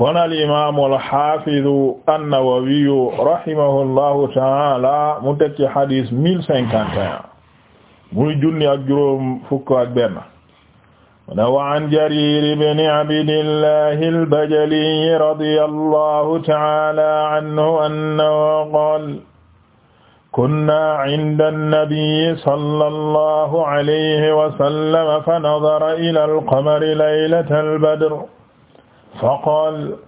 kon al imaamu al xaafidu an-Nawawiyu rahimahullahu taala mu teg ci xadis mille cinquante et un muy junni ak juróom fukk ak benn ne wa an Jarir ibn Abdillahi al-Bajali radiyallahu taala anhu annahu qaala kunna inda an-nabiyyi sallallahu alayhi wa sallam fa nadara ila al-qamari laylatal badr faqaal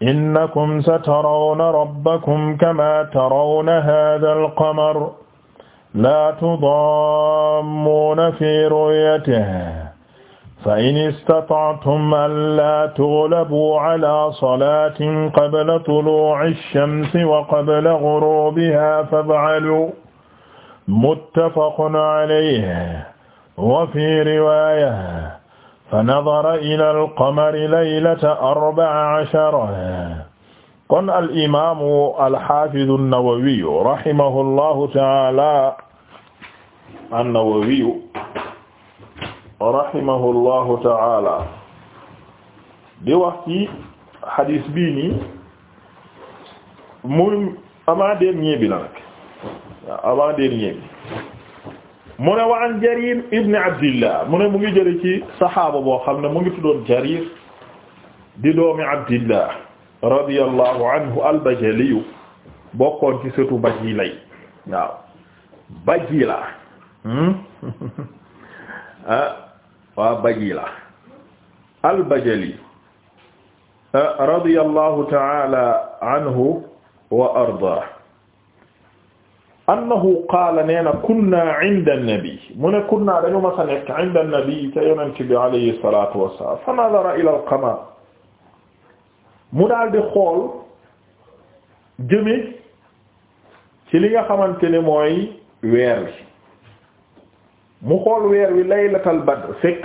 innakum satarawna rabbakum kama tarawna haadhal qamar laa tudammuuna fi ru'yatihi fa in istata'tum allaa tughlabuu alaa salaatin qabla tuluu'i shamsi wa qabla ghuruubihaa faf'aluu muttafaqun alayhi wa fii riwaaya fa nadara ila alqamari laylata arbaa ashara kon al imaamu alxafidu nnawawiyu rahimahu llahu taala annawawiyu rahimahu llahu taala di wax ci xadis bii nii muy avant dernier bi la nag waaw avant dernier bi mu ne wa an jarir ibn abdillah mu ne mu ngi jële ci saxaaba boo xam ne mu ngi tuddoon jarir di doomi abdillah radiyallahu anhu albajaliyu bokkoon ci sëtu bajilay waaw bajila hmm? ah waa bajila albajali ah, radiyallahu ta'ala anhu wa arda annahu qaala nee na kunna inda annabi mu ne kunna dañu mas a nekk inda annabi ca yonent bi alayhi salatu wassalam fa nadara ila alqamar mu daal di xool jëme ci li nga xamante ne mooy weer wi mu xool weer wi laylatal badr fekk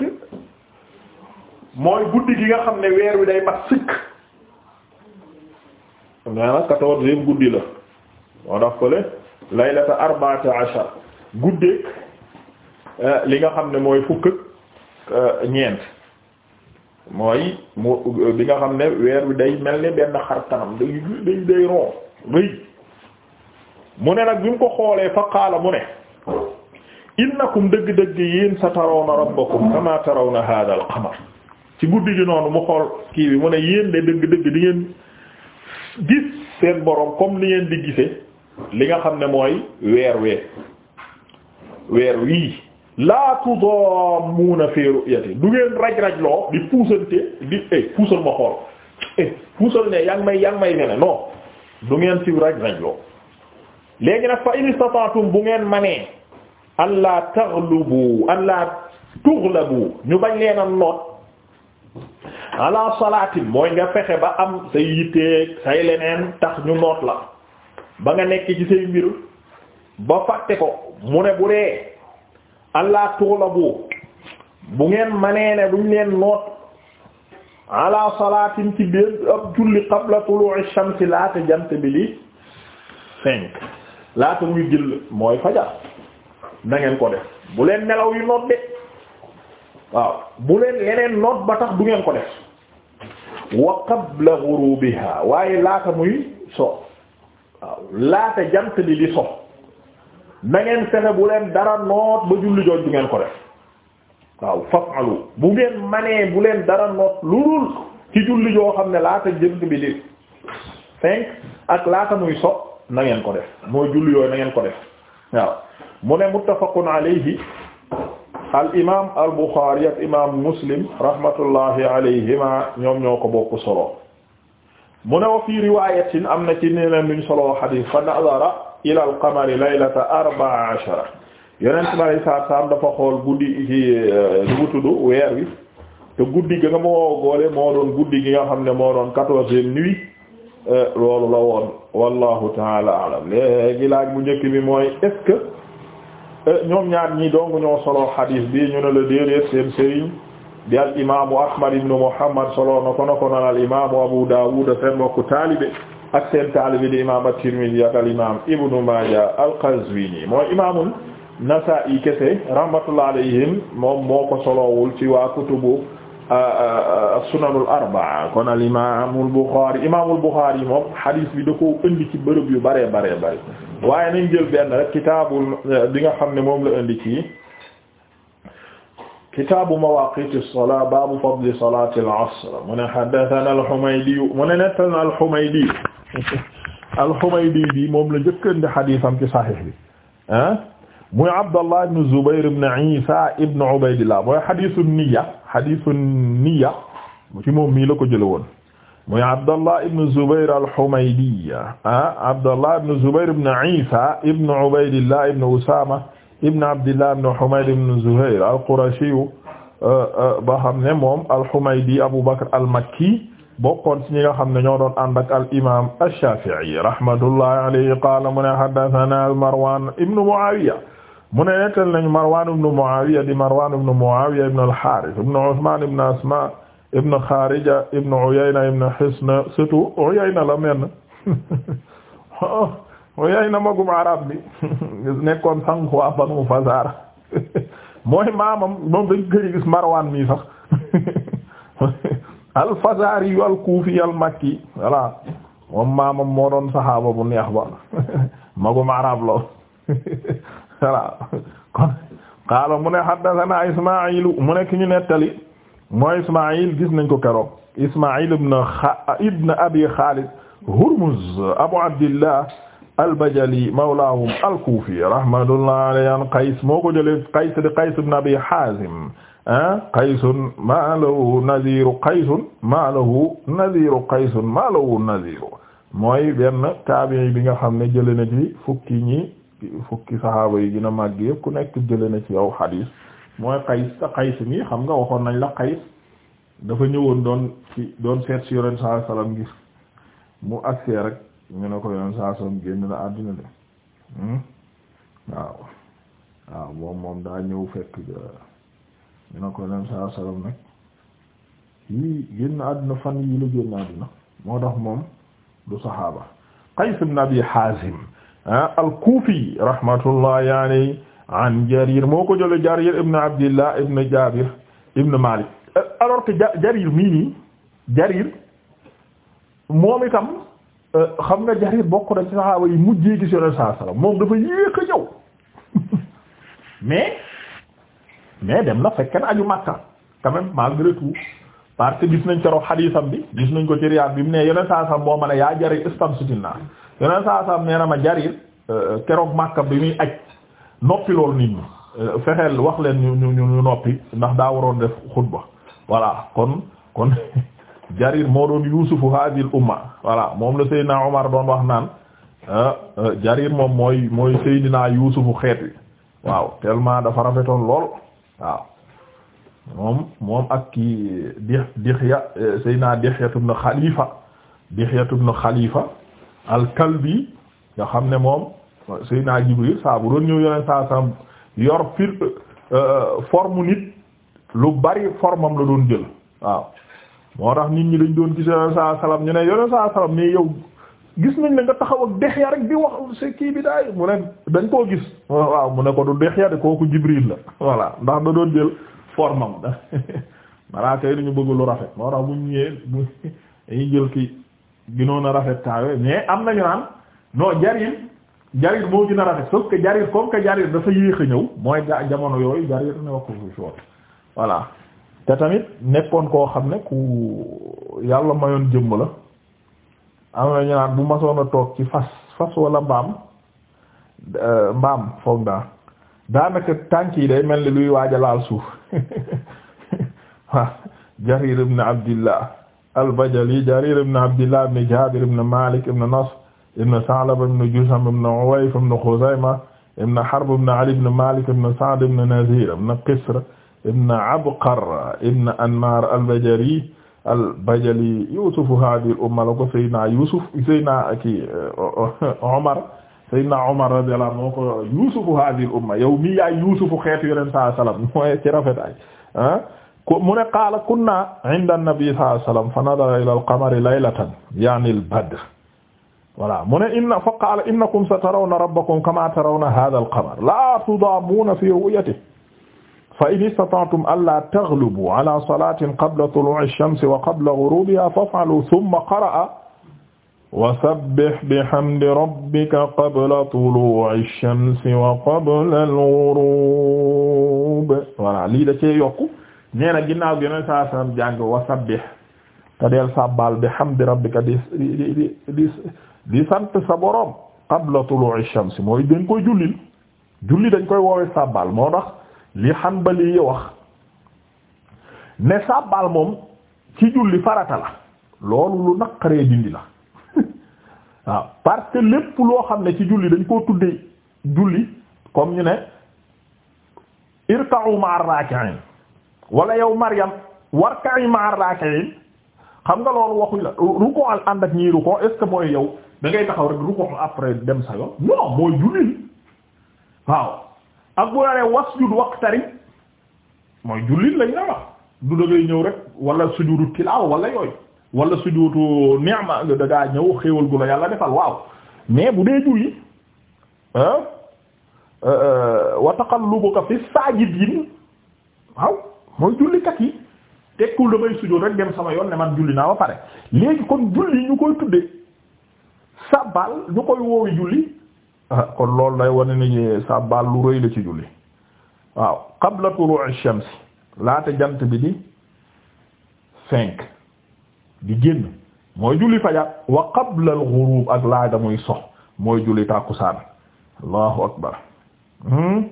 mooy guddi gi nga xam ne weer wi day mat sëkk nee na quatorzième guddi la moo tax ko le laylata arbaate ashar guddeeg euh, li nga xam ne mooy fukk ak euh, ñeent mooy mu bi nga xam ne weer wi day mel ni benn xar kanam day day day rëy mu ne nag bi mu ko xoolee fa qaala mu ne innakum dëgg-dëgg yéen sa tarawna rabbakum kama tarawna hadha al qamar ci guddi gi noonu mu xool kii bi mu ne yéen de dëgg-dëgg di ngeen gis seen borom comme ni ngeen di gisee li nga xam ne mooy weer wee weer wii laa tudaamuuna fi ru'yati du ngeen raj-raj loo di puusante di eh puusal ma xool eh puusal ne yaa ngi may yaa ngi may nene non du ngeen ci raj-raj loo léegi nag fa in istata'tum bu ngeen manee an laa taghlubu an laa tughlabu ñu bañ leen a noot ala salaatin mooy nga fexe ba am say yitteeg say leneen tax ñu noot la ba nga nekk ci say mbir ba fàtte ko mu ne bu dee allah tuulabu bu ngeen manee ne duñ leen noot ala salaatin ci benn ab julli qabla tulu'i shamsi laata jant bi li cinq laata muy jël mooy fajar na ko def bu leen nelaw yu noot de waaw bu leen yeneen noot ba tax du ngeen ko def wa qabla ghurubiha waaye laata muy so waaw laata jant bi di so na ngeen fexe bu leen dara noot ba julli jooj bu ngeen ko def waaw fafalu bu ngeen manee bu leen dara noot lu dul ci julli joo xam ne laata jant bi di cinq ak laata muy so na ngeen ko def mooy julli yooyu na ngeen ko def waaw mu ne muttafaqun alayhi al imaam al buxaari ak imaam muslim rahmatullahi alayhima ñoom ñoo ko bokk solo mu ne wa fii riwaayatin am na ci neneen luñ soloo xadiis fa nazara ila al qamari laylata arbaa ashara yonent bi alayhi salaatu salaam dafa xool guddi ci lu mu tudd weer wi te guddi gi nga moo goole moo nga xam ne moo doon quatorzième nuit loolu la woon wallahu taala alam léegi laaj bu njëkk bi mooy est euh, ñoom ñaar ñii dong ñoo soloo xadiis bi ñu ne la déedéet seen sëriñ di al imaamu ahmad ibnu muhammad solo na ko na ko noon al imaamu abu daawud seen mbokku taalibe ak seen taalibe di imaam at-tirmidhi ak al imaam ibnu maaja al qazwini mooy imaamul nasaa'i kese rahmatullah alayhim moom moo ko solowul ci waa kutubu sunanul arbaa kon al imaamul buxaari imaamul buxaari moom xadiis bi da ko indi ci bërëb yu bare bare bare waaye nañ jël benn rek kitaabul bi nga xam ne moom la indi ci kitaabu mawaaqiiti salaa baabu fadli salaati al-asr mu ne haddasanaa al-Humaydi mu ne nettanaa al-Humaydi al-Humaydi bi moom la njëkkandi hadiisam ci Saxiix bi ah muy Abdallah ibn Zubayr ibn Iisaa ibn Ubaydillah mooy hadiisu niyya hadiisu niyya ci moom mii la ko jëlee woon muy Abdallah ibn Zubayr al-Humaydi ah Abdallah ibn Zubayr ibn Iisaa ibn Ubaydillah ibn Usaama ibn abdillah ibn humayd ibn zuhair al-qurashi euh, euh, ba xam ne moom al-humaydi abu bakr al-makki bokkoon ci ñi nga xam ne ñoo doon ànd ak al imam ash-shafi'i rahmatullahi alayhi qaala mu ne haddathana marwan ibn muawiya mu ne nettal nañu marwan ibn muawiya di marwan ibn muawiya ibn al-harith ibn usman ibn asma ibn kharija ibn uyayna ibn hisn surtout uyayna la men oh, mooy ay na magum arab bi nekkoon sang waa banu Fazaar mooy maamam moom gis Marwaan mi al Fazaari yu Kuufi al Makki voilà moom maamam moo doon saxaaba bu neex ba magum arab la qaala mu ne haddathana Ismaa'il mu nekk ñu nettali mooy Ismaa'il gis nañ ko keroog Ismaa'il ibn Abi Khalid Hurmuz Abu Abdillah albajali mawlaahum alkuufi rahmatullahi alayhi an Qays moo ko jëlee Qays di Qays ibn Abi Haazim ah Qaysun maa lahu naziiru Qaysun maa lahu naziiru Qaysun maa mooy benn taabi'i bi nga xam ne jëlee na ci fukki ñi fukki saxaaba yi gën a màgg yëpp ku nekk jëlee na ci yow xadiis mooy Qays te Qays mi xam nga waxoon nañ la Qays dafa ñëwoon doon ci doon seet si Yonent sallallahu alayhi mu agsee rek. ñu ne ko yoon saa soom génn na àddina de hmm? waaw waaw moom moom daa ñëw fekk ñu ne ko yoon saa soom nag yii génn àddina fan yii moo tax moom du saxaaba Qays ibn Abi Hazim al-Kufi ah, rahmatullah yaani an Jarir moo ko jële Jarir ibn Abdillah ibn Jabir ibn Malik eh, alors que Jarir mii nii Jarir moom Euh, xam nga Jarir bokk na ci saxaaba yi mujjee gis Yonent saa salaam moom dafa yéex a ñëw mais mais dem na fekkee na aju Makka quand même malgré tout parce que gis nañ keroog xadiisam bi gis nañ ko ci Riyaad bi mu ne Yonent saa salaam moo ma ne yaa Jarir istamsitna Yonent saa salaam nee na ma Jarir euh, keroog Makka bi muy aj noppi loolu nit ñi euh, fexeel wax leen ñu ñu ñu noppi ndax daa waroon def xutba voilà kon kon. Jarir moo doon yuusufu hadhihi umma voilà moom la Seydina Omar doon wax naan ah, ah, Jarir moom mooy mooy Seydina yuusufu xeet wi waaw tellement dafa rafetoon lool waaw moom moom ak kii Dih Dihya eh, Seydina Dihya ibn Khalifa Dihya ibn Khalifa al-Kalbi nga xam ne moom Seydina Jibril saa bu doon ñëw yeneen saa saa yor fir eh, eh, forme nit lu bari formam la doon jël waaw moo tax nit ñi dañ doon gis yoneen saa salaam ñu ne yoneen saa salaam ne yow gis nañ la nga taxaw ak Dexya rek di wax si kii bi daay mu ne dañ koo gis waaw mu ne ko du Dexya de kooku Jibril la voilà ndax da doon jël forme am da malaaka yi dañu bëgg lu rafet moo tax bu ñu ñëwee jël ki ginoon a rafet taawee mais am nañu naan non jarir jarir moo gën a rafet sauf que jarir comme que jarir dafa yéex a ñëw mooy jamono yooyu jarir ne wax ko fu voilà te tamit nekkoon koo xam ne ku yàlla mayoon jëmm la am na ñu bu masoon a toog ci fas fas wala mbaam euh, mbaam foog daa daanaka tànk day mel ni luy waaja laal suuf waaw Jarir ibn Abdillah al-Bajali Jarir ibn Abdillah ibn Jabir ibn Malik ibn Nasr ibn Sa'laba ibn Jusam ibn Uwayf ibn Khuzayma ibn Harb ibn Ali ibn Malik ibn Sa'd ibn Nazir ibn Qisr ibn Abqar ibn Anmar al-Bajali al-Bajali Yusuf hadhihi al-umma la ko Seydina Yusuf Seydina kii eh, Omar Seydina Omar radiyallahu anhu ko Yusuf hadhihi al-umma yow mi yaay Yusuf xeetu Yonent sallallahu alayhi wasallam mooy ci rafetaay ah mu ne qaala kunna inda an-nabi sallallahu alayhi wasallam fa nadara ila al-qamari laylatan ya'ni al-badr voilà mu ne inna fa qaala innakum satarawna rabbakum kama tarawna hadha al-qamar la tudaamuna fi ru'yatihi fa in istata'tum allaa taghlubu ala salaatin qabla tuluu'i ash-shamsi wa qabla ghuruubihaa faf'aluu thumma qara'a wa sabbih bihamdi rabbika qabla tuluu'i ash-shamsi wa qabla al-ghuruub voilà lii da cee yokku nee na ginnaaw bi Yonent saa sallam jàng wa sabbih te deel sàbbaal bihamdi rabbika di di di di sant sa boroom qabla tuluu'i ash-shamsi mooy dañ koy jullil julli dañ koy woowe sàbbaal moo tax li Hanbali wax ne sàbbaal moom ci julli farata la loolu lu naqaree dindi la waaw parce que lépp loo xam ne ci julli dañ koo tudde julli comme ñu ne irka'u ma'ar raki'in wala yow mariyam warka'i ma'ar raki'in xam nga loolu waxuñ la ruku ànd ak ñii ruku est mooy yow da taxaw rek ruku après dem sa yoon non mooy julli waaw ak bu la nee wasjud mooy jullit lañ la wax du da ñëw rek wala sujudu tilaaw wala yooyu wala sujudu ni'ma da ngaa ñëw xéewal gu la yàlla defal waaw mais bu dee julli ah, ah wa taqallubuka fi saajidin waaw mooy jullikat yi tekkul damay sujóot rek dem sama yoon ne man julli naa ba pare léegi kon julli ñu koy tudde sabal ñu koy woowi julli Ah, kon loolu day wane ni eh, sàbbaal lu rëy la ci julli waaw qabla tulu'i shams laata jant bi di cinq di génn mooy julli fajar wa qabla al ak laata muy sox mooy julli tàkkusaan allahu akbar hmm?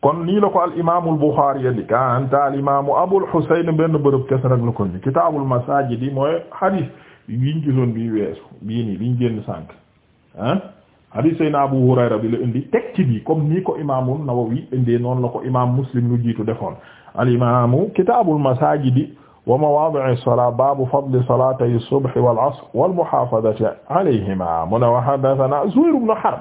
kon nii la ko al imaamu al al imaamu benn bërëb kese rek la ko ni kitaabul masaajid yi mooy hadith yiñ gisoon bii weesu bii nii liñ génn sànq ah hadis sayna Abu Hurayra bi la indi teg ci bi comme nii ko imaamu Nawawi indee noonu la ko imaam Muslim lu jiitu defoon al imaamu kitaabul masaajidi wa mawaadi'i salaa baabu fadli salaatay subhi wal asr wal muhaafazati alayhimaa mu ne wa haddathanaa Zuhayr ibn Harb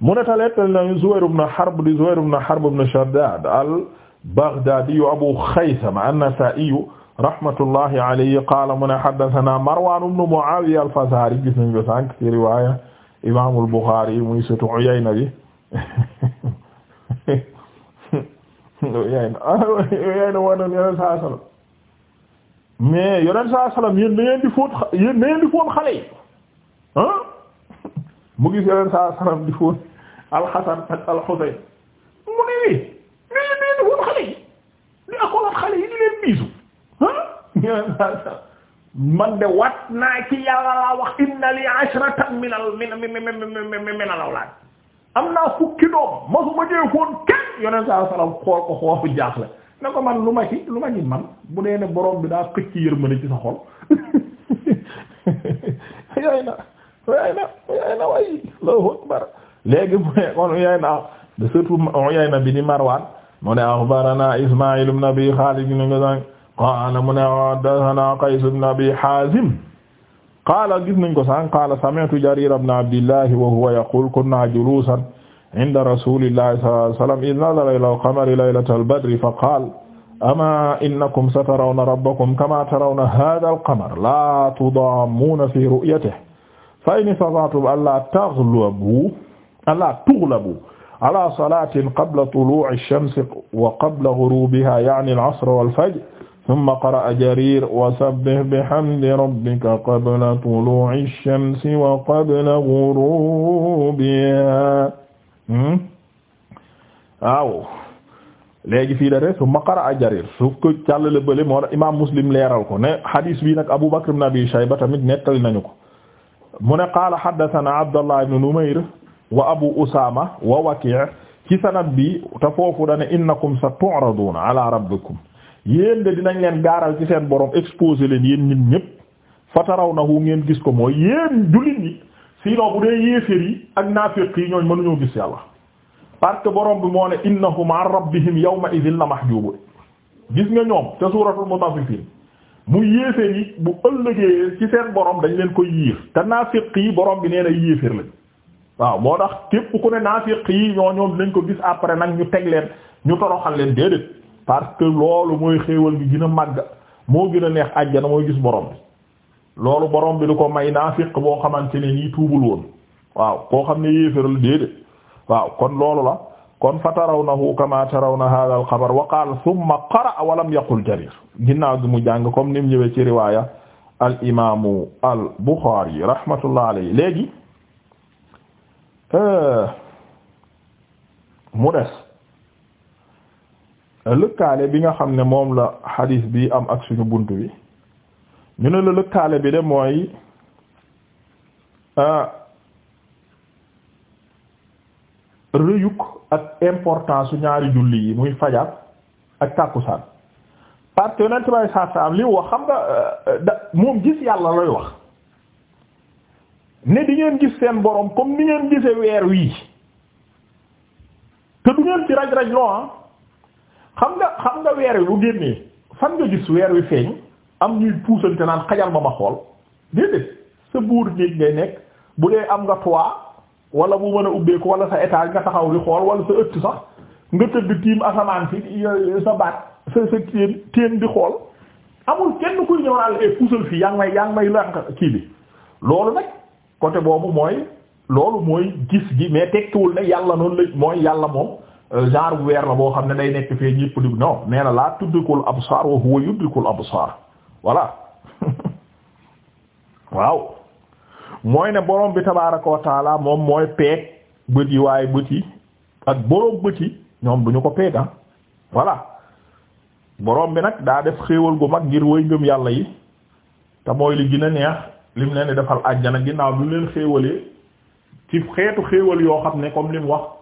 mu ne taleetal nañu Zuhayr ibn Harb di Zuhayr ibn Harb ibn Shaddaad al-Baghdaadiyu Abu Khaythama an-Nasaa'iyu rahmatullahi alayhi qaala mu ne haddathanaa Marwaan ibn Mu'aawiya al-Fazaari gis nañ ko sànq ci riwaaya imaamul Buxaari muy sëtu Uyayna bi Uyayna ah, Uyayna wanoon yeneen saa salaam mais yeneen saa salaam yéen da ngeen di fóot yéen da ngeen di fóot xale yi ah mu gis yeneen saa salaam di fóot Al-Hasan ak Al-Husayn mu ne nii da ngeen di fóot xale yi di akolaat xale yi di leen biisu ah yeneen saa salaam man de wat naa ci yàlla laa wax inna li ashratan min al min min al awlaad am naa fukki doom masuma deefoon kenn yoneen saa salaam xool ko xoofu jaaxle ne ko man lu ma ci lu ma man bu dee ne borom bi daa xëcc yërmande ci sa xol yaay na yaay na yaay na way Allahu akbar léegi mu ne na surtout yaay na bi di Marwaan mu ne axbarana Ismaayil ibn Abi Xaalid qaala mu ne haddasanaa Qays ibn Abi Haazim qaala gis nañ ko sànq qaala sami'tu Jariir ibn Abdillah wa huwa yaquulu kunnaa juluusan inda rasuulillahi sallallahu alayhi wa sallam idh nazara ilal qamari laylatal badri fa qaala amaa innakum satarawna rabbakum kamaa tarawna haazal qamar laa tudaammuuna fii ru'yatihi fa in istata'tum allaa taghlabuu allaa tughlabuu alaa salaatin qabla tuluu'i shamsi wa qabla ghuruubihaa ya'nii al-'asr wal-fajr summa qara'a Jariir wa sabbih bihamdi rabbika qabla tuluu'i shamsi wa qabla ghuruubihaa waaw léegi fii da re summa qara'a Jariir suuf ko càllale bële moo imaam Muslim leeral ko ne hadis bi nag Abu Bakr ibn Abi Shayba tamit nettali nañu ko mu ne qaala haddathanaa Abdullah ibn Numayr wa Abu Usaama wa Waki' ci sanad bi te foofu dane innakum satu'raduuna ala rabbikum yéen de dinañ leen gaaral ci seen borom exposé leen yéen nit ñépp fatarawnahu ngeen gis ko mooy yéen jullit ñi sinon bu dee yéeféer yi ak naafiq yi ñooñ mënuñoo gis yàlla parce que borom bi moo ne innahum an rabbihim yawma idhin la mahjubun gis nga ñoom ca suuratul mutaffifin mu yéeféer yi bu ëllëgee ci seen borom dañ leen koy yiir te naafiq yi borom bi nee na yéeféer lañ waaw moo tax képp ku ne naafiq yi ñoo ñoom dinañ ko gis après nag ñu teg leen ñu toroxal leen déedéet parce que loolu mooy xéewal gi gën a moo gën a neex àjjana mooy gis borom loolu borom bi ko may naa naafiq boo xamante ne nii tuubul woon waaw koo xam ne yéeféral déedé waaw kon loolu la kon fa tarawnahu kama tarawna hadha al xabar wa qaala thumma qara wa lam yaqul jarir gi mu jàng comme nim mu ñëwee ci riwaaya al imaamu al buxaari rahmatullah léegi euh, mu des lëkkaale bi nga xam ne moom la xadiis bi am ak suñu bunt bi ñu ne la lëkkaale bi de mooy ah, rëyuk ak importance su ñaari julli yi muy fajar ak tàkkusaan parce que yonent bay saa saa am li wax xam nga euh, da moom gis yàlla lay wax ne di ngeen gis seen borom comme ni ngeen gise weer wii te du ngeen ci raj raj loo ah. xam nga xam nga weer wi bu génnee fan nga gis weer wi feeñ am ñuy puusante naan xajal ma ma xool déedéet sa buur néeg ngay nekk bu dee am nga toit wala bu mën a ubbeeku wala sa étage nga taxaw di xool wala sa ëtt sax nga tëdd tiim asamaan si euh, sa baat sa sa teen teen di xool amul kenn kuy ñëw naan e puusal fii yaa ngi may yaa ngi may lànq kii bi loolu nag côté boobu mooy loolu mooy gis gi mais tekkiwul ne yàlla noonu la mooy yàlla moom Euh, genre weer la boo xam ne day nekk fee ñëpp di non nee na laa tuddikul absar wa huwa yudrikul absar voilà waaw mooy ne boroom bi tabaaraka wa taala moom mooy peeg bët yi waaye bët yi ak borom bët yi ñoom du ñu ko peeg ah voilà borom bi nag daa def xéewal gu mag ngir woy ngëm yàlla yi te mooy li gën a neex lim ne di defal àjjana ginnaaw bi leen xéewalee ci xeetu xéewal yoo xam ne comme lim wax.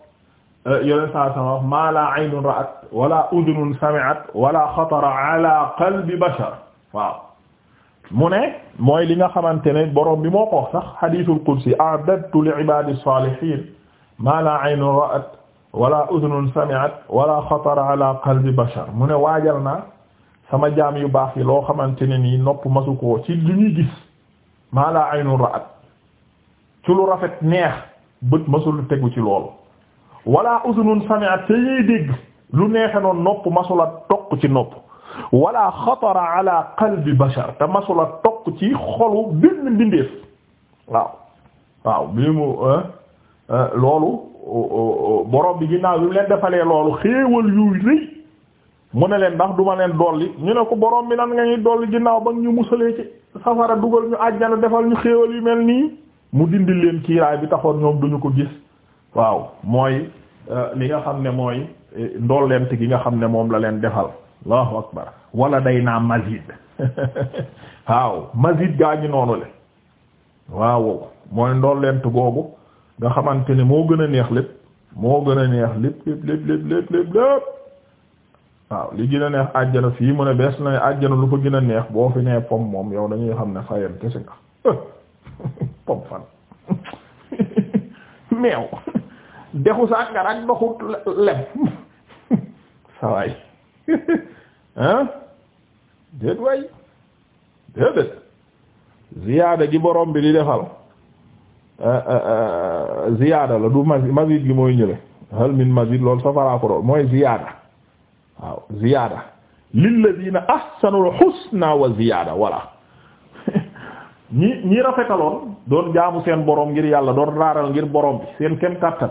Euh, yeneen saa sama maa laa aynun ra'at wala udunun sami'at wala xatara ala qalbi bashar waaw mu ne mooy li nga xamante ne borom bi moo ko sax hadithul qudsi a'dadtu li ibadi salihin maa laa aynun ra'at wala udunun sami'at wala xatara ala qalbi bashar mu ne waajal naa sama jaam yu baax yi loo xamante ne nii nopp masu koo ci lu ñuy gis maa laa aynun ra'at ci lu rafet neex bët masul tegu ci loolu wala uzunun sami'at te yey dégg lu neexe noon nopp masula toq ci nopp wala xatara ala qalbi bashar te masula toq ci xolu benn mbindeef waaw waaw bii mu loolu borom bi ginnaaw bi mu leen defalee loolu xéewal yu rëy mu ne leen ndax duma leen dolli ñu ne ko borom bi nan nga ñuy dolli ginnaaw ba ñu musalee ci safara dugal ñu àjjana defal ñu xéewal yu mel nii mu dindi leen kiiraay bi taxoon ñoom duñu ko gis waaw mooy euh, li nga xam ne mooy euh, ndollent gi nga xam ne moom la leen defal allahu akbar wala day naa mazid waaw mazid gaa ñu noonu le waaw mooy ndollent googu nga xamante ne moo gën a neex lépp moo gën a neex lépp lépp lépp waaw li gën a neex àjjana fii mu ne bees na ne àjjana lu ko gën a neex boo fi nee pom moom yow dañuy xam ne fayeen kese nga pom fan meew dexu sàngara ak ndoxu lem sawaay hein déet way déedéet ziyaada gi borom bi di defal euh, euh, euh, ziyaada la du mazid gi mooy ñële hal min mazid loolu safaraa ko dool mooy ziyaada waaw ziyaada lilladina ahsanul husna wa ziyaada walla ñi ñi rafetaloon doon jaamu seen borom ngir yàlla doon raaral ngir borom bi seen kem kàttan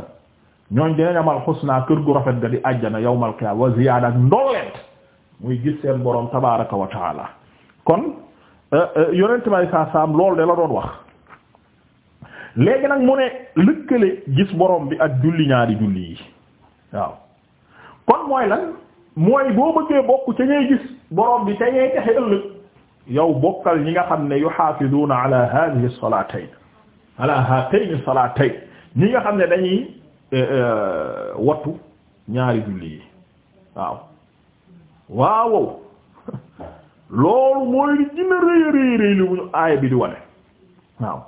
ñooñ dinañ amal xusna kër gu rafet ga di àjjana yawmal qiyaama wa ziyaada ak muy gis seen borom tabaaraka wa taala kon euh, euh, yonent may saa saam loolu de la doon wax léegi nag mu ne lëkkale gis boroom bi ak julli ñaari julli yi waaw kon mooy lan mooy boo bëggee bokk ca ñuy gis borom bi te ñuy texe ëllëg yow bokkal ñi nga xam ne yuhaafizuuna ala haadihi salaatayn ala haatayni ñi nga xam ne dañuy Eh, eh, wattu ñaari julli yi waaw waawow loolu mooy li gën a rëy a li mu aaya bi di wane waaw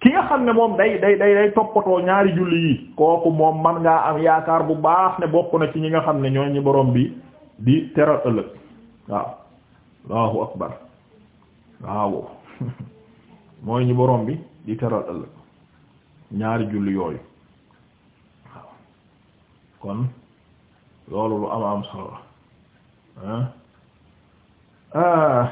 ki nga xam ne moom day day day toppatoo ñaari julli yi kooku moom man ngaa am yaakaar bu baax ne bokk na ci ñi nga xam ne ñoo ñi borom bi di teral ëllëg waaw allahu akbar waaw mooy ñi borom bi di teral ëllëg ñaari julli yooyu kon loolu lu am am solo ah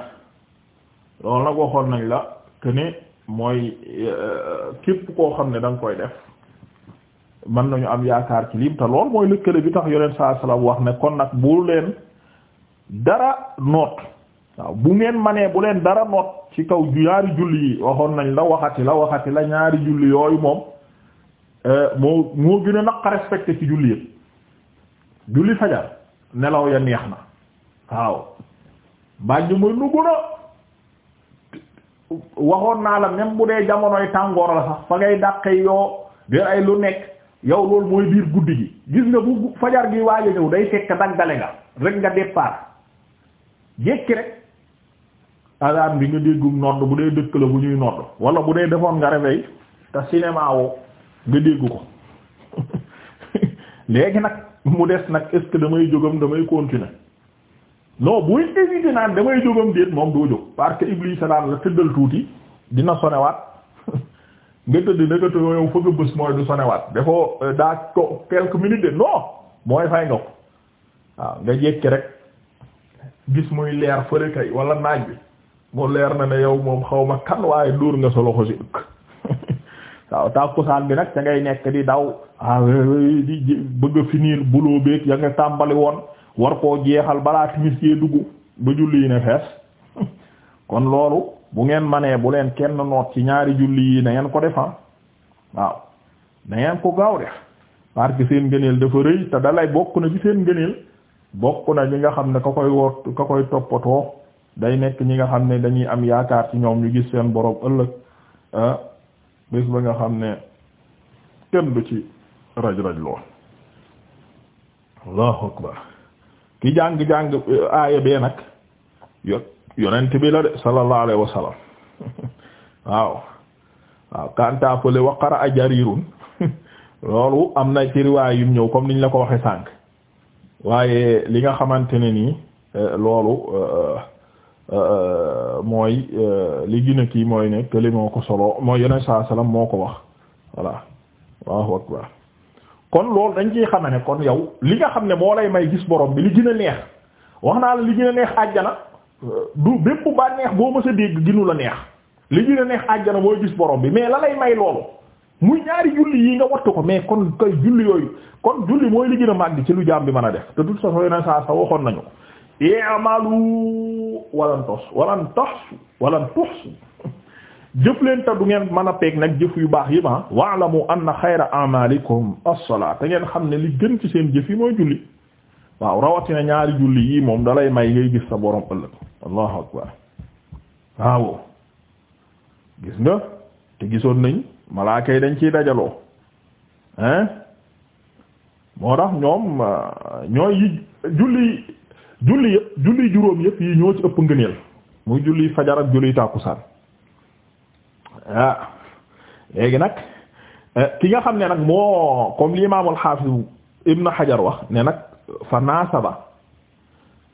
loolu nag waxoon nañ la que mooy euh, képp koo xam ne da koy def mën nañu am yaakaar ci lim te lool mooy lëkkale bi tax yoneen saa salaam wax ne kon nag bu leen dara noot waaw bu ngeen manee bu leen dara noot ci kaw ñaari julli yi waxoon nañ la waxati la waxati la ñaari julli yooyu moom euh, moo moo gën a naq respecté ci julli julli fajar nelaw ya neex na waaw bàjj mooy lu gën waxoon naa la même bu dee jamonoy tàngoor la sax fa ngay dàqe yoo de ay lu nekk yow loolu mooy biir guddi gi gis nga bu fajar gi waaja ñëw day fekk daggale nga rek nga départ jékki rek adaan bi nga déggum nodd bu dee dëkk la bu ñuy nodd wala bu dee defoon nga réveil te cinéma nga dégg ko léegi nag mu des nag est-ce que damay jógam damay continuer non buy hésiter naan damay jógam déet moom doo jóg parce que Iblis daan la tëddal tuuti dina sonewaat nga tëdd nga tëdd yow fëgg bés mooy du sonewaat dafoo euh, daa ko quelques minutes de non mooy fay nga waaw nga jékki rek gis muy leer fële kay wala naaj bi mu leer na ne yow moom xaw ma kan waaye dóor nga sa loxo si waaw tàkkusaan bi nag ca ngay nekk di daw ah bëgg finir buloo beeg ya nga tàmbali woon war koo jeexal balaa timis yee dugg ba julli yi ne fees kon loolu bu ngeen manee bu leen kenn noot ci ñaari julli yi na ngeen ko defan ah. waaw na ngeen ko gaaw def parce que seen ngëneel dafa rëy te dalay bokk na ci seen ngëneel bokk na ñi nga xam ne ka koy wor ka koy toppatoo day nekk ñi nga xam ne dañuy am yaakaar ci ñoom ñu gis seen borom ëllëg ah. bis ba nga xam ne kenn bi ci raj-raj lool allahu akbar ki jàng-jàng eh, aaya bee nag yo yonent bi la de sallallahu alayhi waaw waaw kanta fële wa qara'a jarirun loolu am na ci yu ñëw comme niñ la ko waxe sànq waaye li nga xamante ne nii eh, loolu eh, Euh, mooy euh, li gën a kii mooy ne kële ko solo mooy yeneen saa salaam moo ko wax voilà waaw akbar kon loolu dañ ciy xame ne kon yow li nga xam ne moo lay may gis borom bi li gën a neex wax naa la li gën a neex àjjana euh, du bépp ba neex boo mës a dégg ginu la neex li gën a neex àjjana mooy gis borom bi mais la lay may loolu muy ñaari julli yi nga wattu ko mais kon koy julli yooyu kon julli mooy li gën a màgg ci lu jaam bi mën a def te toute façon yeneen saa sa waxoon nañu i'malu walan tos walan tahsu walan tuhsu jëf leen te du ngeen mën a peeg nag jëf yu baax yi ma ah. wa'lamu anna xayra a'malikum as-salat te ngeen xam ne li gën ci seen jëf yi mooy julli waaw rawatina ñaari julli yi moom dalay may ngay gis sa borom ëllëg allahu akbar waaw gis nga te gisoon nañ malaaka yi dañ ci dajaloo hein moo tax ñoom ah, ñooy julli julli yëpp juróom yëpp yi ñoo ci ëpp ngëneel muy julli fajar ak julli tàkkusaan ah léegi nag eh, ki nga xam ne nag moo comme li imaamul xaafis ibn Hajar wax ne nag fa naasaba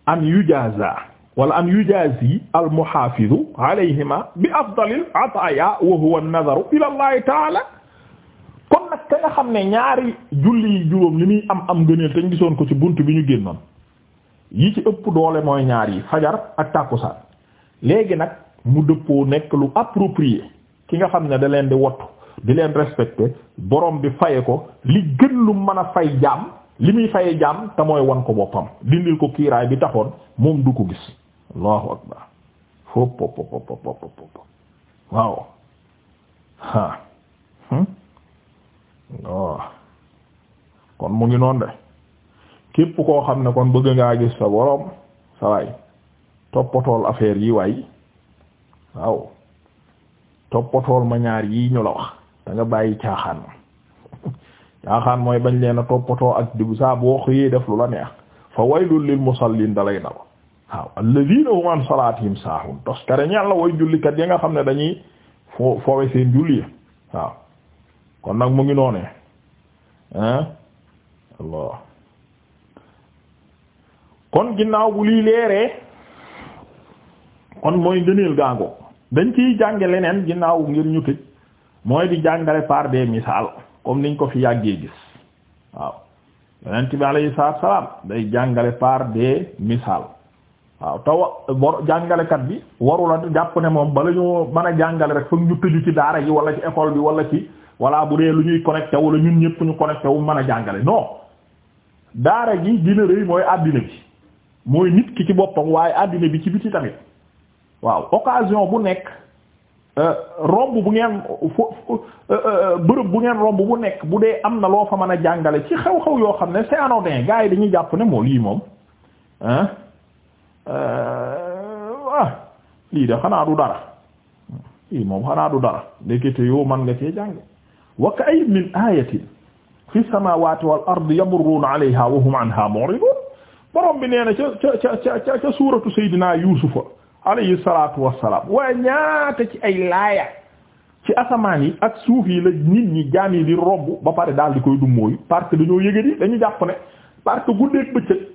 an yujaza wala an yujazi al muhaafidu alayhima bi afdalil ataaya wa huwa an-nazaru ila Allah taala kon nag ka nga xam ne ñaari julli juróom li muy am am ngëneel te ñu gisoon ko ci bunt bi ñu génnoon yi ci ëpp doole mooy ñaar yi fajar ak tàkkusaan léegi nag mu dëppoo nekk lu approprié ki nga xam ne da leen di wottu di leen respecté boroom bi faye ko li gën lu man a fay jaam li muy faye jaam te mooy wan ko boppam dindil ko kiiraay bi taxoon moom du ko gis allahu akbar fop pop pop pop pop waaw hmm? oh. kon mu ngi noonu de képp koo xam ne kon bëgg ngaa gis sa boroom sa waay toppatool affaire yi waay waaw toppatool ma ñaar yii ñu la wax da bàyyi caaxaan caaxaan mooy bañ leen a toppatoo ak dibu saa boo xëyee def lu la neex fa waylul lil musallin dalay dal waaw alladhina hum an salatihim saahun tos kare ñal la way jullikat ya nga xam ne dañuy fo foowe seen julli waaw kon nag mu ngi noonee ah Allah kon ginnaaw bu lii leeree kon mooy ngëneel gaango dañ ciy jànge leneen ginnaaw ngir ñu tëj mooy di jàngale par des misaal comme niñ ko fi yàggee gis waaw yonent bi alayhi salaatu salaam day jàngale par des misaal waaw te jàngalekat bi warula jàpp ne moom bala ñoo man a jàngale rek foog ñu tëju ci daara gi wala ci école bi wala ci wala bu dee lu ñuy connecté wala ñun ñëpp ñu connecté wu mën a jàngale non daara ji dina rëy mooy àddina bi mooy nit ki ci boppam waaye àddina bi ci biti tamit waaw occasion bu nekk euh, romb bu ngeen fo euh, euh, bërëb bu ngeen romb bu nekk bu dee am na loo fa mën a jàngale ci xew-xew yoo xam ne c'est anodin gars yi dañuy jàpp ne moo lii moom ah ah lii de xanaa du dara lii moom xanaa du dara ndekete yoo man nga cee jàng wa ka'ayyin min ayatin fi samawati wal ardi yamurruna alayha wa hum anha mu'ridun borom bi nee na ca ca ca ca ca suuratu Seydina Yuusufa alayhi salaatu wassalaam waaye ñaata ci ay laaya ci asamaan yi ak suuf yi la nit ñi jaam yi di romb ba pare daal di koy dummóoyu parce que dañoo yëgat yi dañu jàpp ne parce que bëccëg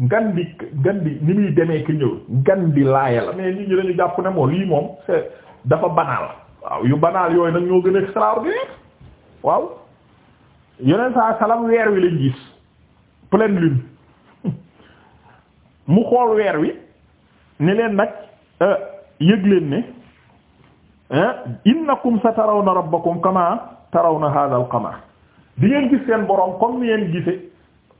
ngan di ngan di ni muy demee ki ñëw ngan di laaya la mais nit ñi dañu jàpp ne moom lii moom c'est dafa banaal waaw yu banaal yooyu nag ñoo gën a extraordinaire weer wi lañ gis pleine lune mu xool weer wi ne leen nag euh, yëg leen ne innakum satarawna rabbakum kama tarawna hadha al qamar di ngeen gis seen boroom comme ni ngeen gise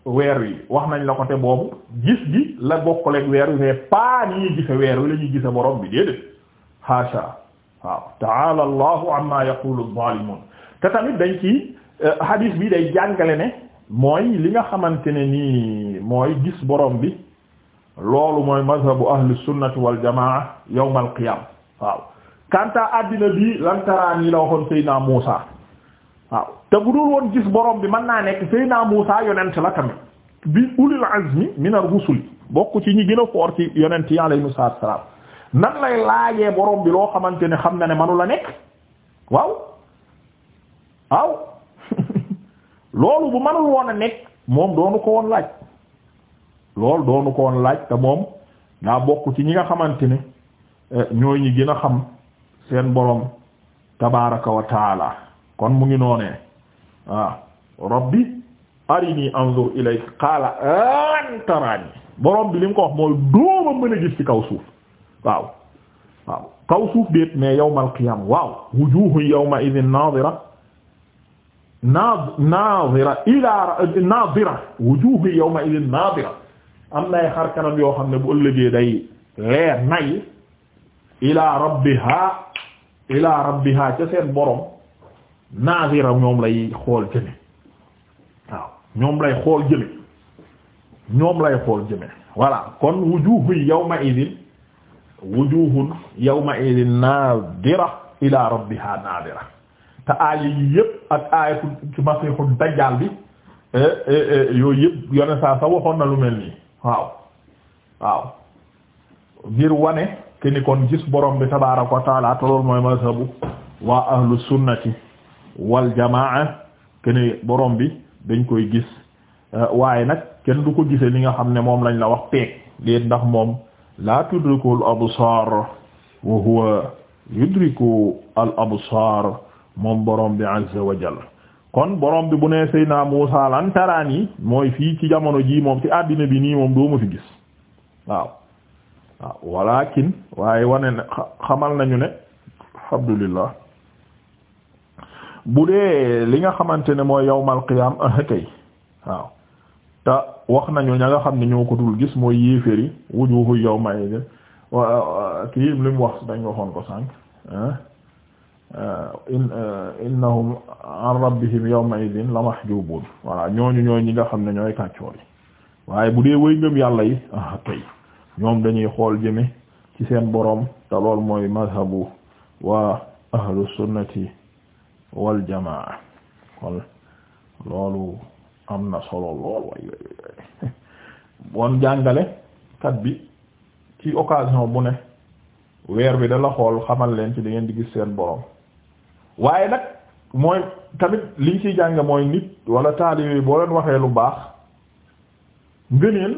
weer wi wax nañ la ko te boobu gis gi la bokkaleek weer wi mais pas ni ñuy gise weer wi la ñuy gise boroom bi déedéet haasha waaw ta'ala allahu amma yaqulu te tamit dañ ci euh, hadith bi day jàngale ne mooy li nga xamante ne nii mooy gis boroom bi loolu mooy mazhabu ahli sunnati wal jamaa yawmal qiyam waaw kanta lan taraan la waxoon Seydina Muusa waaw te bu dul woon gis borom bi mën naa nekk Seydina Muusa yonent la tamit bi ulul azmi minar rusuli bokk ci ñi gën a foor ci yonent yi alayhimu salaam nan lay borom bi loo xamante ne xam na ne manu nekk waaw loolu bu manul woon a nekk moom doonu ko woon laaj loolu doonu ko woon laaj moom daa bokk ci ñi nga xamante ne eh, ñoo ñi a xam seen borom tabaraka wa kon mu ngi noonee waaw ah, rabbi arini anzur ilayk qaala lan tarani borom bi li mu ko wax mooy dooma mën gis ci kaw suuf waaw waaw kaw suuf déet mais yawmal qiyaama waaw wujuhun yawma idhin naadira naadira ila naadira wujuhun yawma idhin naadira am na ay xar yoo xam ne bu ëllëgee day leer nay ilaa rabbiha ilaa rabbiha ca seen borom nazira ñoom lay xool jëme waaw ñoom lay xool jëme ñoom lay xool jëme voilà kon wujuhun yawma idin wujuhun yawma idin nazira ilaa rabbiha nazira te aaya yi yëpp ak aaya ci masiixu dajjaal bi eh, eh, eh, yooyu yëpp yone saa sa waxoon na lu mel nii waaw waaw ngir wane ke ni kon gis borom bi tabaaraka wa taala talool mooy mazhabu waa ahlu sunnati wal jamaa ke ni borom bi dañ koy gis eh, waaye nag kenn du ko gisee li nga xam ne moom lañ la wax peeg léet ndax moom la tudrikul absar wa huwa yudriku al absar moom borom bi azza wa kon borom bi bu nee Seydina naa lan taraan yi mooy fii ci jamono jii moom ci àddina bi nii moom doo ma fi gis waaw waaw walakin waaye wane ne xamal nañu ne alhamdulillah bu dee li nga xamante ne mooy yawmal qiyaam kay waaw te wax nañu ña nga xam ne ñoo ko dul gis mooy yéeféri wujuhu yawma kii li mu wax dañ waxoon ko sànq Uh, uh, innahum an rabbihim yawma idin la mahjubun voilà ñooñu ñooy ñi nga xam ne ñooy kàccoor yi waaye bu dee wëy ngëm yàlla yi ah ñoom dañuy xool jëme ci seen boroom te loolu mooy mazhabu waa ahlu sunnati wal jamaa kon loolu am na solo lool way way bon jàngale kat bi ci occasion bu ne weer bi da la xool xamal leen ci di ngeen di gis seen boroom waaye nag mooy tamit liñ ciy jàng mooy nit wala taalibe boo leen waxee lu baax ngëneel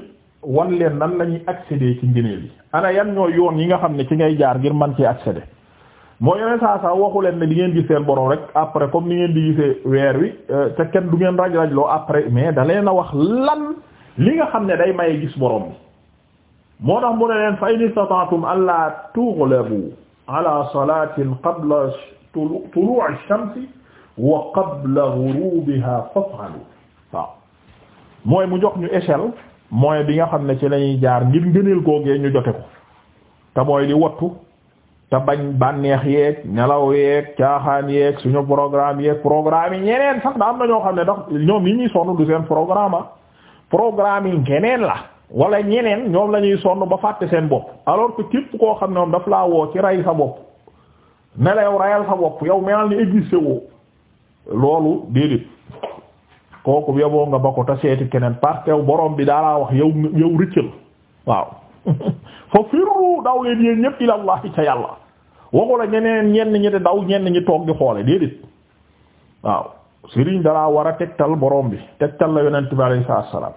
wan leen nan lañuy ñuy accéder ci ngëneel yi ana yan ñooy yoon yi nga xam ne ci ngay jaar ngir man ci accéder moo yeneen saa saa waxu leen ne li ngeen gis seen borom rek après comme ni ngeen di gisee weer wi euh, te kenn du ngeen raj rajloo après mais da leen a wax lan li nga xam ne day maye gis borom bi moo tax mu ne leen fa in istata'tum an la tughlabu ala salatin qabla tuluu'i ash-shamsi wa qabla ghurubiha faf'alu waaw mooy mu jox ñu échelle mooy bi nga xam ne ci lañuy jaar ngir koo googee ñu jote ko te mooy di wattu te bañ bànneex yeeg nelaw yeeg caaxaan yeeg suñu programme yeeg programme yi ñeneen sax da am na ñoo xam ne ndax ñoom yi ñuy sonn du seen programme ah programme yi la wala ñeneen ñoom la ñuy ba fàtte seen bopp alors que képp koo xam ne moom daf laa woo ci rey sa bopp ne la yow rayal sa bopp yow melal ni existé woo loolu déedéet kooku yeboo nga ba ko ta seeti keneen parce que borom bi daa laa wax yow yow rëccal waaw fa firru daw leen yéen ñëpp ilallahi ca yàlla waxu la ñeneen ñenn ñi di daw ñenn ñi toog di xoole déedéet waaw sëriñ dalaa war a tegtal borom bi tegtal la yonent bi alayhi salaam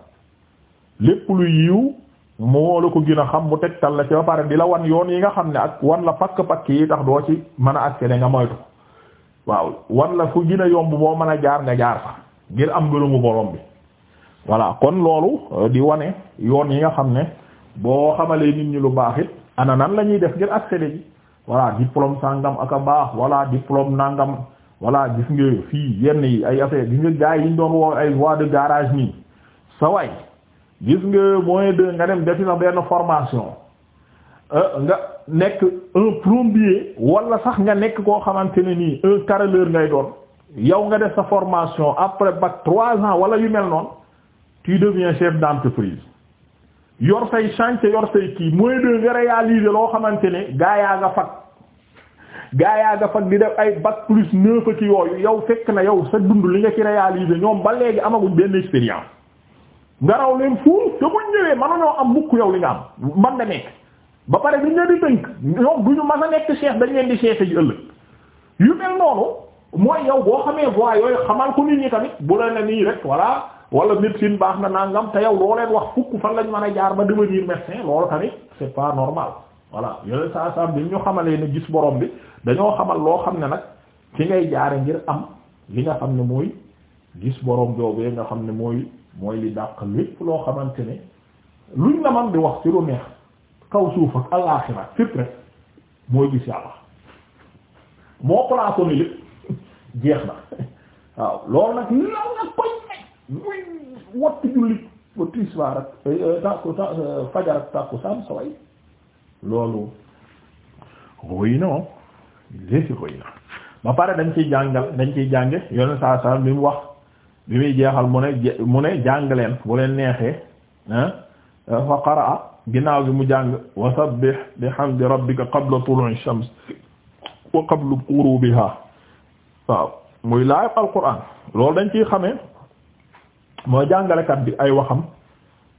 lépp lu yiw moo la ko gën a xam mu tegtal la ci ba pare di la wan yoon yi nga xam ne ak wan la pakk-pakk yi tax doo ci mën a accéder nga moytu waaw wan la fu gën yomb moo mën a jaar nga jaar fa ngir am ngërëmu borom bi voilà kon loolu euh, di wane yoon yi nga xam ne boo xamalee nit ñi lu baax it ana nan la ñuy def ngir accéder ji voilà diplôme sàngam ak a baax voilà diplôme nangam voilà gis nga fii yenn yi ay affaire gis nga gaay yi ñu doon ay voie de garage nii sa waay gis nga moyen de nga dem defi na benn formation euh, nga nekk un plombier wala sax nga nekk koo xamante ne nii un carreleur ngay doon yow nga def sa formation après bac trois ans wala yu mel noon tu deviens chef d'entreprise yor say chantier yor say kii moyen de nga réaliser loo xamante ne gaa yaa nga fag gaa yaa nga fag di def ay bac plus neuf ak yooyu yow fekk na yow sa dund li nga ci réaliser ñoom ba léegi amaguñ benn expérience. nga raw leen fuuf te buñ ñëwee mën nañoo am mukk yow li nga am man da nekk ba pare bi leen di tënk ñoom duñu mën a nekk chef dañ leen di chef ji ëllëg yu mel noonu mooy yow boo xamee voie yooyu xamal ko nit ñi tamit bu la ne nii rek voilà wala médecine baax na nangam te yow loo leen wax fukk fan lañ mën a jaar ba devenir médecin loolu tamit c'est pas normal voilà yooyu saa saa bi ñu xamalee ne gis borom bi dañoo xamal loo xam ne nag ci ngay jaare ngir am li nga xam ne mooy borom joobee nga xam ne mooy mooy li dàq lépp loo xamante ne luñ la man di wax ci lu neex kaw suuf ak alaaxira fépp rek mooy gis yàlla moo placé ni lépp jeex na waaw loolu nag law na koñ ne muy wattu jullit ba tisbaar ak eh, eh, tàkku eh, fajar ak tàkku saway loolu roy na moom roy na ba pare dañ ciy jàngal dañ ciy jànge yonen saa saa bi mu wax bi muy jeexal mu ne mu ne jàng leen bu leen neexee ah, fa qaraa ginnaaw gi mu jàng waa sabbih bihamdi rabbika qabla tulu'i shams wa qabla ghurubiha waaw muy laay alquran loolu dañ ciy xamee moo jàngalekat bi ay waxam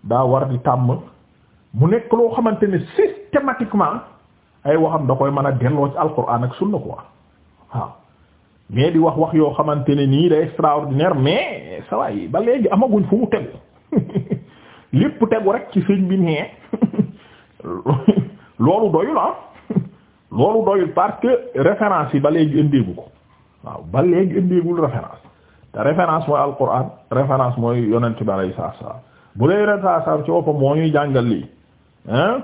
daa war di tàmm mu nekk loo xamante ne ay waxam da koy mën a delloo ci alquran ak sunna quoi waaw mais di wax wax yoo xamante ne nii day extraordinaire mais sa ba léegi amaguñ fu mu tegu lépp tegu rek ci sëñ bi nee loolu doyul ah loolu doyul parce que référence yi ba léegi indeegu ko waaw ba léegi indeegul référence te référence mooy alquran référence mooy yonent bi alayhi salaatu salaam bu dee yonent ci boppam moo ñuy jàngal lii ah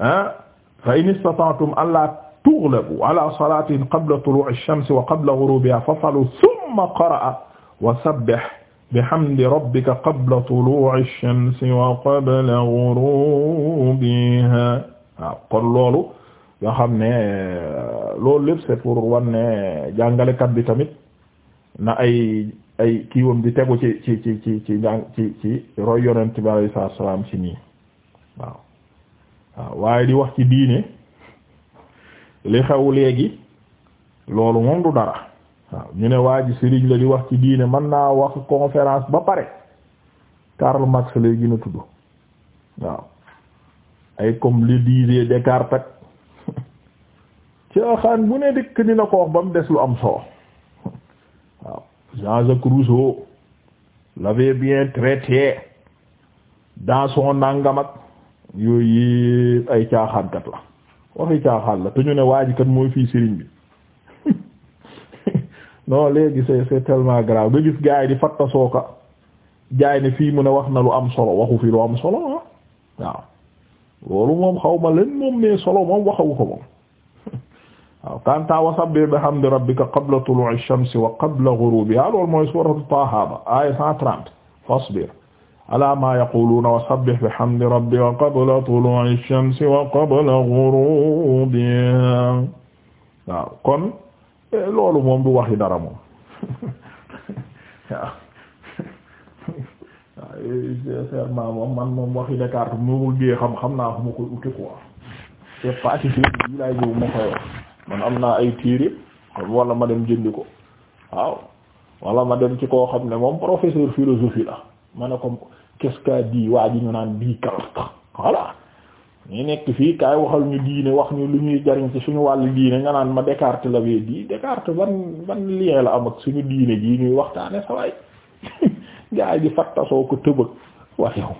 ah fa in istata'tum allah tughlabu ala salaatin qabla tuluu'i ash-shamsi wa qabla ghuruubihaa faf'aluu thumma qara'a wa sabbih bihamdi rabbika qabla tuluu'i ash-shamsi wa qabla ghuruubihaa waaw kon loolu nga xam ne loolu lépp c'est pour wan ne jàngalekat bi tamit na ay ay kii wam di tegu ci ci ci ci ci ci ci roy yonent li xewu léegi loolu moom du dara waaw ñu ne waa ji sëriñ la di wax ci diine mën naa wax conférence ba pare Karl Marx lay gën a tudd waaw ay comme le disait Descartes caaxaan bu ne dëkk na ko wax ba mu des lu am solo waaw Jean-Jacques Rousseau l'avait bien traité dans son yooyu yëpp ay caaxaankat la waxi caaxaan la te ñu ne waaj ji kat mooy fii sëriñ bi non léegi c'est c'est tellement gis gaay di fatta sooka jaay ne fii mu ne wax na lu am solo waxu fi lu am solo ah waaw loolu moom xaw ma leen solo moom waxawu ko moom waaw kanta wasabbih bihamdi rabbika qabla tulu'i shamsi wa qabla ghurubiha loolu mooy suratu Taha ba aya 130 fasbir ala ma yaquluuna wa sabbih bihamdi rabbika qabla tuluu'i shamsi wa qabla kon eh, loolu moom du waxi dara moom waaw eh, sincèrement moom man moom waxi Descartes mu bëggee xam xam naa fu ma koy uti quoi c'est pas ci téere yi laay jëw ma koy wax man am naa ay téere wala ma dem jëndi ko waaw wala ma dem ci koo xam ne moom professeur philosophie la ma ne ko qu'est-ce qu'a waa ji ñu naan di kalasta voilà ñu nekk fii kaay waxal ñu diine wax ñu lu ñuy jariñ ci suñu wàll diine nga naan ma Descartes la wee di Descartes ban ban lien la am ak suñu diine jii ñuy waxtaane sa waay gaa yi di fattasoo ko tëbëg wax yow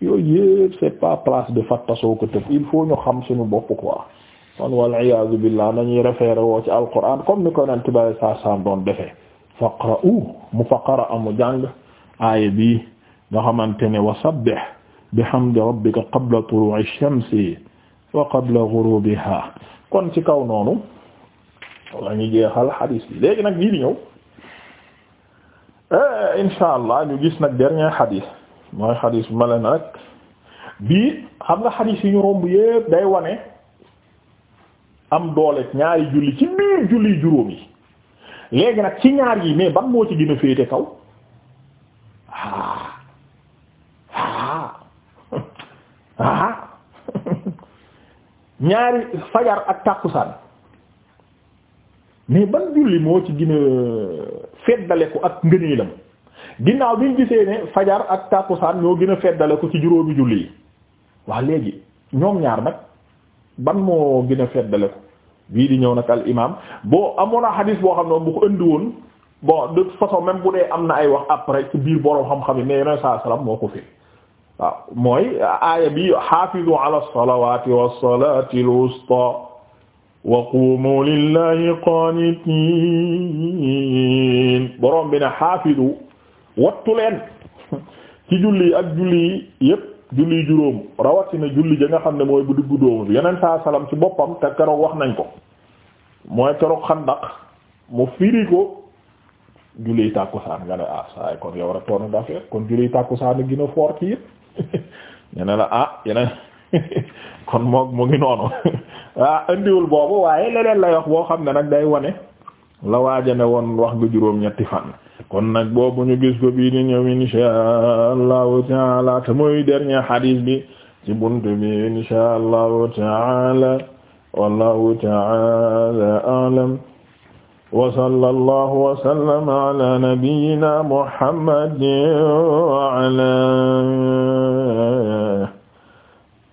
yooyu yëpp c'est pas place de fattasoo ko tëb il faut ñu xam suñu bopp quoi kon wal iyaazu billah nañuy référé woo ci alquran comme ni ko neen tubaab saa saa doon defee faqra'u mu faqara amu jàng aaya bi nga xamante ne wa sabbih bihamdi rabbika qabla tuluu'i shamsi wa qabla ghurubiha kon ci kaw noonu la ñu jeexal xadiis bi léegi nag bii di ñëw eh, insha allah ñu gis nag dernier xadiis mooy xadiis bu ma leen rek bii xam nga xadiis yi ñu romb yépp day wane am doole ñaari julli ci biir julli juróom yi léegi nag ci ñaar yi mais ban moo ci gën a féete kaw ñaari fajar ak tàkkusaan mais ban julli moo ci gën a ko ak ngëneelam ginnaaw bi ñu gisee ne fajar ak tàkkusaan ñoo gën a ko ci juróomi julli yi waa léegi ñoom ñaar nag ban moo gën a feddaleku bii di ñëw nag al imaam boo amoon a xadiis boo xam ne bu ko indi woon bon de façon même bu dee am na ay wax après ci biir boroom xam-xam yi mais yeneen saa moo ko fi waaw mooy aaya bi xaafizu ala salawati wasalati alwusta wa qumu lillahi qanitin borom bi ne xaafizu wattu leen ci julli ak julli yépp julli juróom rawatina julli ja nga xam ne mooy bu diggu dóomu bi yeneen saa salam ci boppam te keroog wax nañ ko mooy keroog xandaq mu firi ko julli tàkkusaan nga ne ah saay kon yow rek toona d'affaire kon julli tàkkusaan gën a fort ci yépp ñene la ah yeneen kon moog mu ngi noonu ah, boobu waaye leneen la wax boo xam ne nag day wane la waajane won wax nga juróom ñetti fan kon nag boobu ñu gis ko bii ñëw inshaa allahu taala te mooy dernier hadith bi ci buntu bi inshaa allahu taala wallahu taala a'lam wa sallallahu wa sallama ala nabiyyina muhammadin wa ala